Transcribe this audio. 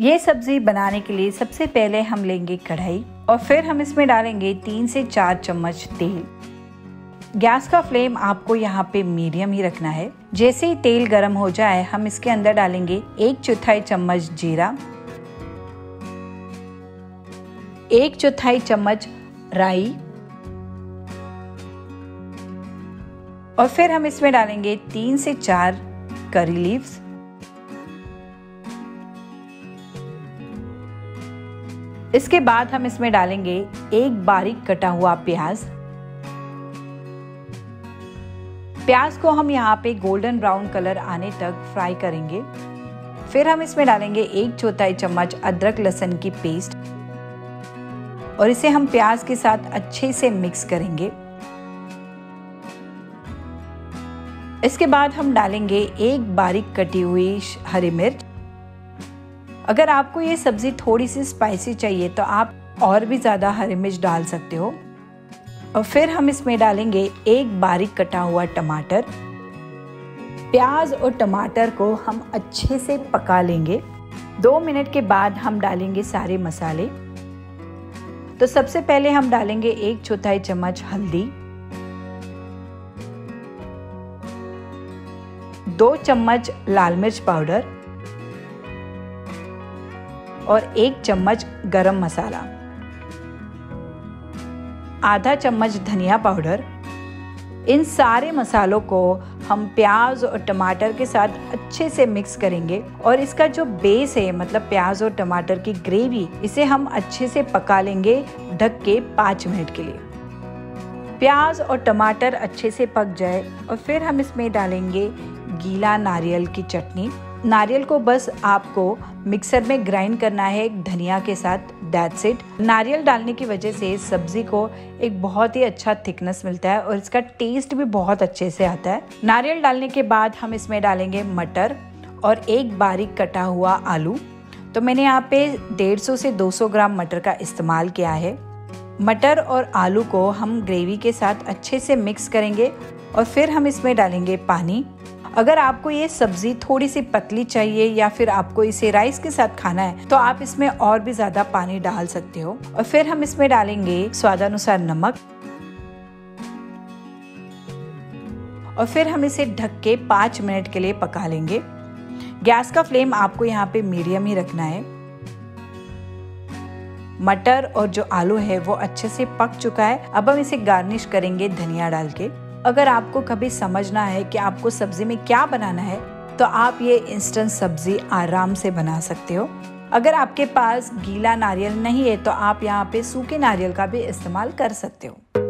ये सब्जी बनाने के लिए सबसे पहले हम लेंगे कढ़ाई और फिर हम इसमें डालेंगे तीन से चार चम्मच तेल गैस का फ्लेम आपको यहाँ पे मीडियम ही रखना है जैसे ही तेल गर्म हो जाए हम इसके अंदर डालेंगे एक चौथाई चम्मच जीरा एक चौथाई चम्मच राई और फिर हम इसमें डालेंगे तीन से चार करी लीव्स इसके बाद हम इसमें डालेंगे एक बारीक कटा हुआ प्याज प्याज को हम यहाँ पे गोल्डन ब्राउन कलर आने तक फ्राई करेंगे फिर हम इसमें डालेंगे एक चौथाई चम्मच अदरक लहसन की पेस्ट और इसे हम प्याज के साथ अच्छे से मिक्स करेंगे इसके बाद हम डालेंगे एक बारीक कटी हुई हरी मिर्च अगर आपको ये सब्ज़ी थोड़ी सी स्पाइसी चाहिए तो आप और भी ज़्यादा हरी मिर्च डाल सकते हो और फिर हम इसमें डालेंगे एक बारीक कटा हुआ टमाटर प्याज और टमाटर को हम अच्छे से पका लेंगे दो मिनट के बाद हम डालेंगे सारे मसाले तो सबसे पहले हम डालेंगे एक चौथाई चम्मच हल्दी दो चम्मच लाल मिर्च पाउडर और एक चम्मच गरम मसाला आधा चम्मच धनिया पाउडर इन सारे मसालों को हम प्याज और टमाटर के साथ अच्छे से मिक्स करेंगे और इसका जो बेस है मतलब प्याज और टमाटर की ग्रेवी इसे हम अच्छे से पका लेंगे ढक के पाँच मिनट के लिए प्याज और टमाटर अच्छे से पक जाए और फिर हम इसमें डालेंगे गीला नारियल की चटनी नारियल को बस आपको मिक्सर में ग्राइंड करना है धनिया के साथ दैट्स इट नारियल डालने की वजह से सब्जी को एक बहुत ही अच्छा थिकनेस मिलता है और इसका टेस्ट भी बहुत अच्छे से आता है नारियल डालने के बाद हम इसमें डालेंगे मटर और एक बारीक कटा हुआ आलू तो मैंने यहाँ पे 150 से 200 ग्राम मटर का इस्तेमाल किया है मटर और आलू को हम ग्रेवी के साथ अच्छे से मिक्स करेंगे और फिर हम इसमें डालेंगे पानी अगर आपको ये सब्जी थोड़ी सी पतली चाहिए या फिर आपको इसे राइस के साथ खाना है तो आप इसमें और भी ज्यादा पानी डाल सकते हो और फिर हम इसमें डालेंगे स्वादानुसार नमक और फिर हम इसे ढक के पाँच मिनट के लिए पका लेंगे गैस का फ्लेम आपको यहाँ पे मीडियम ही रखना है मटर और जो आलू है वो अच्छे से पक चुका है अब हम इसे गार्निश करेंगे धनिया डाल के अगर आपको कभी समझना है कि आपको सब्जी में क्या बनाना है तो आप ये इंस्टेंट सब्जी आराम से बना सकते हो अगर आपके पास गीला नारियल नहीं है तो आप यहाँ पे सूखे नारियल का भी इस्तेमाल कर सकते हो